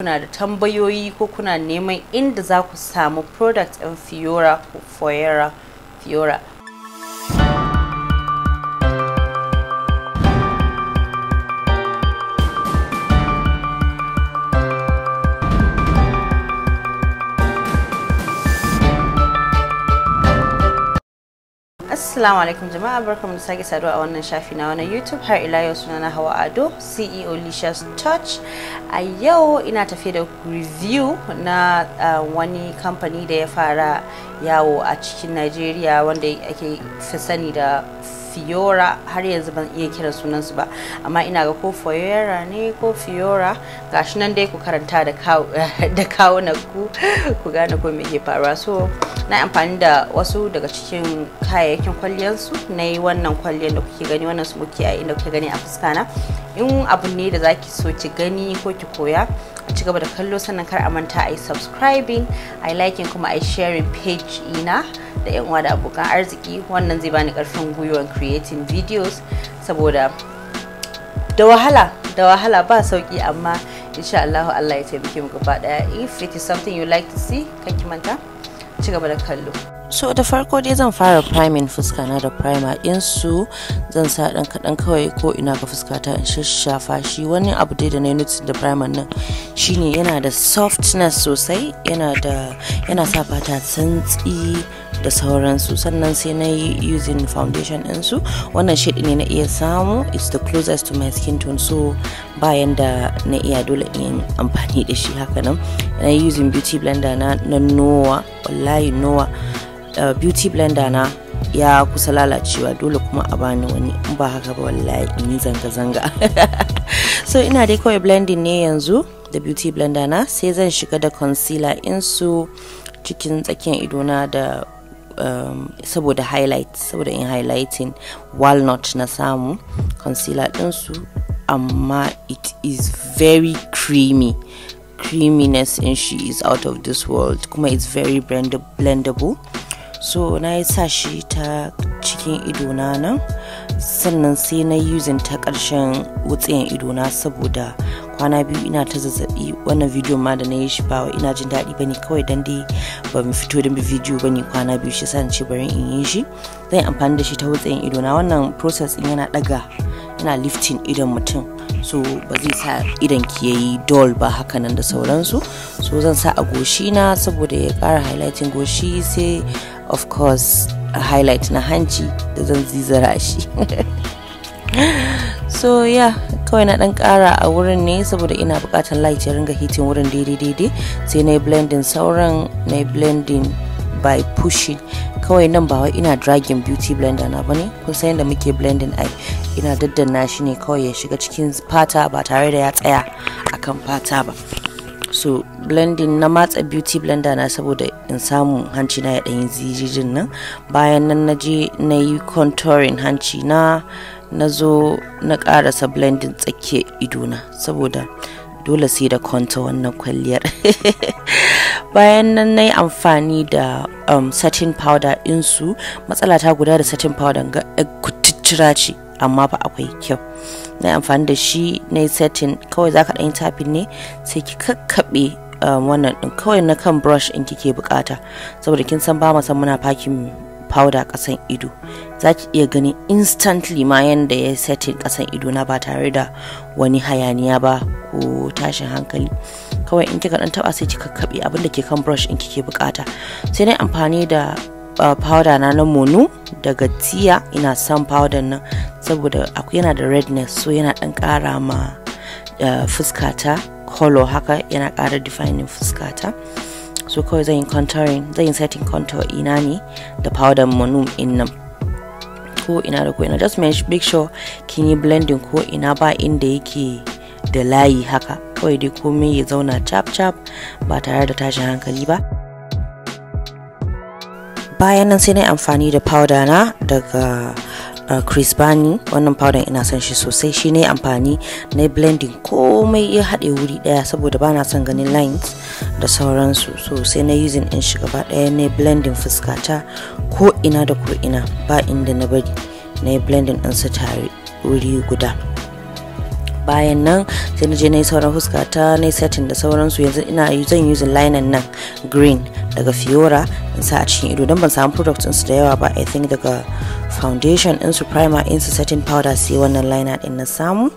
kuna da tambayoyi ko kuna neman inda za ku samu product ɗin Fiora Fiora Fiora Assalamu alaikum jama'a barkamu da sake saduwa a wannan shafi na wannan YouTube har ila yau sunana Hawa Ado CEO Licious Touch A yau ina tafe da review na uh, wani kamfani da ya fara yawo a cikin Najeriya wanda ake sani da fiora har yanzu ban iya kira sunansu ba amma ina ga ko fiora ne ko fiora gashi nan dai ku karanta da kawuna ku ku gane ko me ke faruwa so na amfani da wasu daga cikin kayayyakin kwalliyarsu na yi wannan kwalliyar da kuke gani wannan su muke eye da kuke gani a fuskana in abu ne da zaki so ki gani ko ki koya ku ci gaba da kallo sannan kar a manta a yi subscribing a yi liking kuma a yi sharing page ina da yan uwa da abokan arziki wannan zai bani karfin gwiwar creating videos saboda da wahala da wahala ba sauki amma insha Allah Allah ya taimake mu gaba daya if it is something you like to see kan manta ci gaba da kallo so da farko dai zan fara priming fuska na da primer din su zan sa dan kadan kawai ko ina ga fuska ta in shi wani abu dai da na notice da primer nan shine yana da softness sosai yana da yana sa fata santsi da sauransu sannan sai na yi using foundation su wannan shade ne na iya samu it's the closest to my skin tone so bayan da na iya dole in amfani da shi haka nan na yi using beauty blender na, na noah wallahi noah uh, beauty blender na ya kusa lalacewa dole kuma a bani wani in ba haka ba wallahi in yi zanga-zanga so ina dai kawai blending ne yanzu da beauty blender na sai zan shiga da concealer su cikin tsakiyar idona da um, saboda highlight saboda in highlighting walnut na samu concealer su amma it is very creamy creaminess in she is out of this world kuma it's very blendable so na yi sa shi ta cikin idona nan sannan sai na yi using ta ƙarshen wutsiyan idona saboda kwana biyu ina ta zazzabi wannan video ma da na yi shi ba ina jin daɗi ba ne kawai dan dai ba mu fito da video ba ne kwana biyu shi sani ce bari in yi shi zan yi amfani da shi ta wutsiyan idona wannan process din yana ɗaga yana lifting idon mutum so ba zai sa idan ki yayi doll ba hakanan da sauransu so zan sa a goshi na saboda ya kara highlighting goshi sai of course a highlight na hanci da zan zizara shi so yeah kawai na dan kara a wurin ne saboda ina bukatar light ya ringa hitin wurin daidai daidai sai na blending sauran na blending by pushing kawai nan ba wai ina dragging beauty blender na bane kun san yadda muke blending ai ina daddana shi ne kawai ya shiga cikin fata ba tare da ya tsaya a kan fata ba so blending na matsa beauty blender na saboda in samu hanci na ya ɗanyi zijijin nan bayan nan na je na yi contouring hanci na na zo na karasa blending tsakiyar idona saboda dole sai da contour wannan kwalliyar bayan nan na yi amfani da um, satin powder insu matsala ta guda da satin powder ga eh, kuticcira ce amma ba akwai kyau na amfani da shi na setin. kawai za ka ɗan tafi ne sai ki kakkaɓe um, wannan ɗin kawai na kan brush in kike bukata saboda kin san ba san muna fakin powder ƙasan ido za ki iya gani instantly ma yadda ya setting kasan ido na ba tare da wani hayaniya ba ko tashin hankali kawai in kika dan taɓa, sai ki kakkaɓe. abinda da ke kan brush in kike bukata sai na amfani da Uh, powder na na mono daga tiya ina son powder nan saboda akwai yana da redness so yana dan kara ma uh, fuskata color haka yana kara defining fuskata so kawai zan yi contouring zan yi setting contour ina ne da powder mono in nan ko ina da ko ina just make sure kin yi blending ko ina ba inda yake da layi haka kawai dai komai ya zauna chap chap ba tare da tashin hankali ba bayan nan sai na yi amfani da powder na daga uh, Chris Bani wannan powder ina son shi sosai shi ne amfani na blending komai ya haɗe wuri ɗaya saboda ba na son ganin lines da sauransu so sai na using in shi gaba ɗaya na blending fuskata ko ina da ko ina ba inda na bari na blending ɗin su tare wuri guda bayan nan sai na je na yi sauran fuskata na yi setting da sauransu yanzu ina zan using liner nan green daga fiora in sa a cikin ido don ban samu products su da yawa ba i think daga foundation insu primer su setting powder sai wannan liner din na samu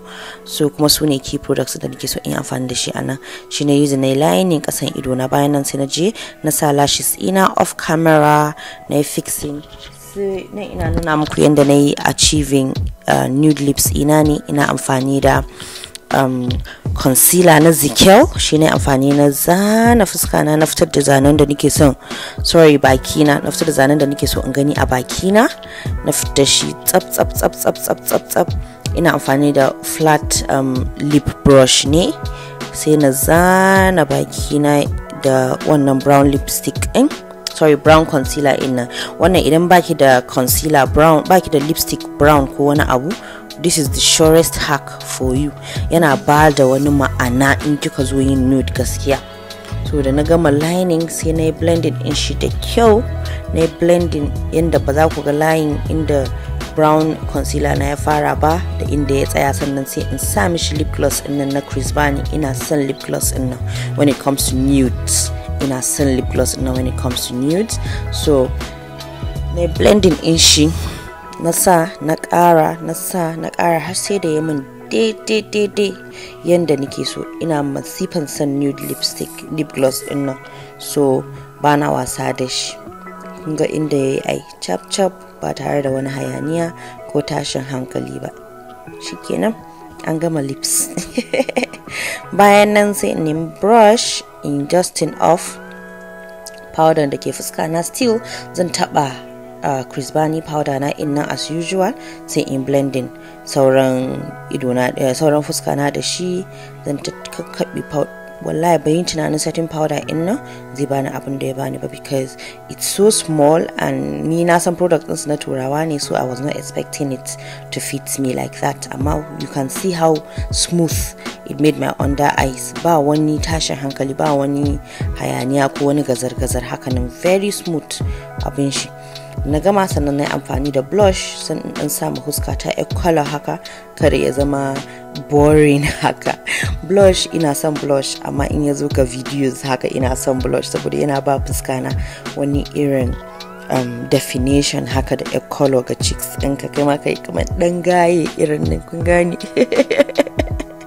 so kuma su ne key products da nake so in amfani da shi anan shi ne using na lining kasan ido na bayan nan sai na je na sa lashes ina off camera na fixing sai na ina nuna muku yadda na yi achieving uh, nude lips ina ne ina amfani da um, concealer na zikel shi ne amfani na zana fuska na fitar da zanen da nake son sorry bakina na fitar da zanen da nake so in gani a bakina na fitar shi tsab tsab tsab tsab tsab tsab tsab ina amfani da flat um, lip brush ne sai na zana bakina da wannan brown lipstick din sorry brown concealer ina wannan idan baki da concealer brown baki da lipstick brown ko wani abu this is the surest hack for you yana ba da wani ma'ana in kika zo yin nude gaskiya so da na gama lining sai na yi blending in shi da kyau na yi blending yadda ba za ku ga layin inda brown concealer na ya fara ba da inda ya tsaya sannan sai in sa mishi lip gloss nan na Chris bani ina son lip gloss nan when it comes to nudes ina son lip gloss nan when it comes to nudes so na blending in shi na sa na ƙara na sa na ƙara har sai da ya min daidai yadda nike so ina masifan son nude lipstick lip gloss din nan so ba na wasa da shi ga inda ya yi ai chap chap ba tare da wani hayaniya ko tashin hankali ba shikenan an gama lips bayan nan sai in nemi brush in dusting off powder da ke fuska na still zan taba uh, crisbani powder na in nan as usual sai in blending sauran idona uh, sauran fuska na da shi zan ta kakkaɓe wallahi bayin tunanin satin powder in nan zai bani abin da ya bani ba because it's so small and ni na san product ɗinsu na turawa ne so I was not expecting it to fit me like that amma you can see how smooth it made my under eyes ba wani tashin hankali ba wani hayaniya ko wani gazar-gazar hakanan very smooth abin shi na gama sannan na yi amfani da blush sannan dan samu huska ta color haka kare ya zama boring haka blush ina son blush amma in ya zo ga videos haka ina son blush saboda yana ba fuska na wani irin um, definition haka da a color ga cheeks ka kai ma kai kamar ɗan gaye irin nan kun gani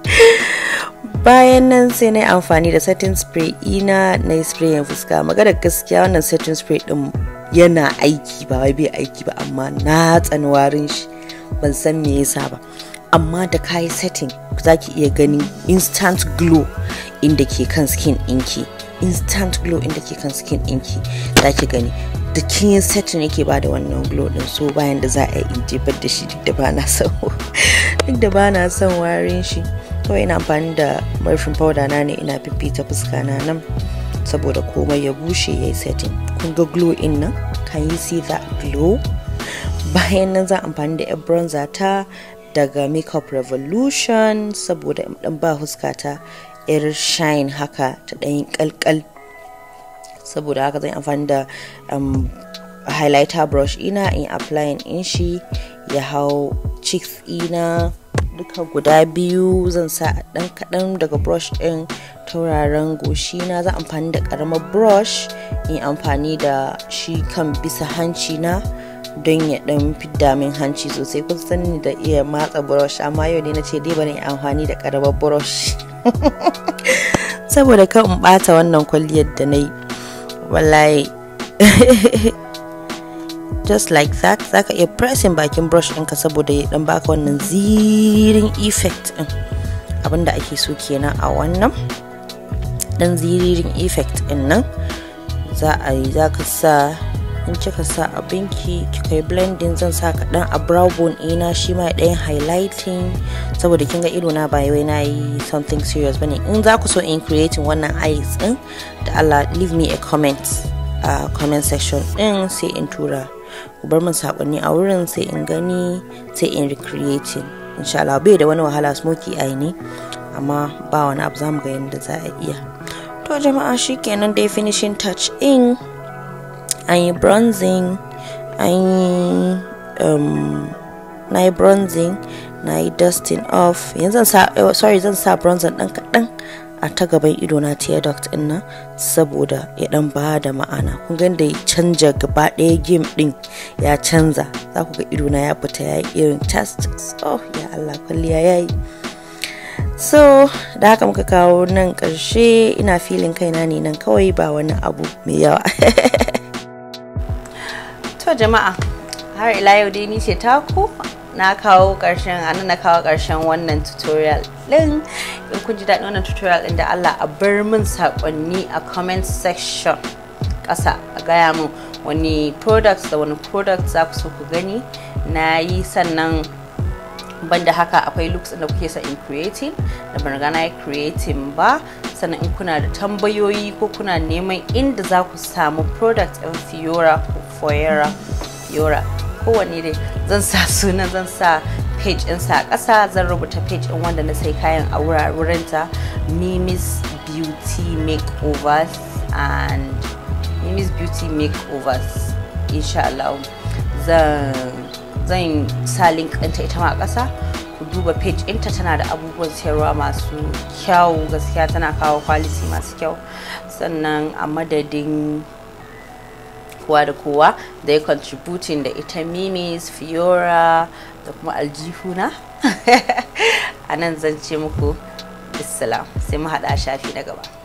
bayan nan sai na yi amfani da setting spray ina na yi spray yin fuska magana gaskiya wannan setting spray ɗin yana aiki ba wai bai aiki ba amma na tsani warin shi ban san me yasa ba amma da kayi setting za ki iya gani instant glow inda ke kan skin ɗinki instant glow inda ke kan skin ɗinki za ki gani da kin setting yake ba da wannan glow din so bayan da za a yi jebar da shi duk da ba na son duk da ba na son warin shi kawai ina amfani da marfin powder na ne ina fifita fuska na nan saboda komai ya bushe ya yi setting kun ga glow in nan can you see that glow bayan nan za amfani da bronzer ta daga makeup revolution saboda dan ba huskata yar shine haka ta ɗanyin kalkal saboda haka zan amfani da um, highlighter brush ina in applying in shi ya hau cheeks ina duka guda biyu zan sa dan kadan daga brush din tauraron goshi na za amfani da karamar brush in amfani da shi kan bisa hanci na don ya dan fidda min hanci sosai kun sani da iya matsa brush amma yau ne na ce dai bari amfani da karamar brush saboda kan in bata wannan kwalliyar da na yi wallahi just like that za ka iya pressing bakin brush ɗinka saboda ya dan baka wannan zirin effect ɗin abinda ake so kenan a wannan dan ziririn effect ɗin nan za a yi za ka sa in kika sa abinki kika yi blending zan sa kaɗan a brow bone ina shi ma ɗayan highlighting saboda kinga ido na ba wai na yi something serious bane in za ku so in creating wannan eyes din da Allah leave me a comment a comment section ɗin sai in tura ku bar min sakonni a wurin sai in gani sai in recreating insha Allah bai da wani wahala smoky eye ne amma ba wani abu zamu ga yadda za a iya to jama'a shikenan dai finishing touch in an yi bronzing an um, na bronzing na dusting off yanzu eh, sorry zan sa bronzer ɗan kaɗan a ta gaban ido na tear duct din nan saboda ya dan ba da ma'ana kun gan da ya canja gaba ɗaya game din ya canza za ku ga ido na ya fita ya irin test oh ya Allah kwalliya yayi so da haka muka kawo nan karshe ina filin kaina ne nan kawai ba wani abu mai yawa to jama'a har ila yau dai ni ce taku na kawo ƙarshen a na kawo karshen wannan tutorial din in kun ji daɗin wannan tutorial din da Allah a bar min saƙonni a comment section ƙasa a gaya min wani products da wani product za ku so ku gani na yi sannan banda haka akwai looks da kuke sa in creating da ban riga na yi creating ba sannan in kuna da tambayoyi ko kuna neman inda za ku samu product in fiora ko foyera yora kowanne dai zan sa sunan zan sa page ɗinsa a ƙasa zan rubuta page ɗin wanda na sai kayan a ta mimis beauty makeovers and mimis beauty makeovers insha Allah zan sa link ɗinta ita ma a ƙasa ku duba page ɗinta tana da abubuwan sayarwa masu kyau gaskiya tana kawo quality masu kyau sannan a madadin kowa da kowa da ya contributing da ita mimis fiora da kuma aljihuna a nan zan ce muku islam sai mu haɗa shafi na gaba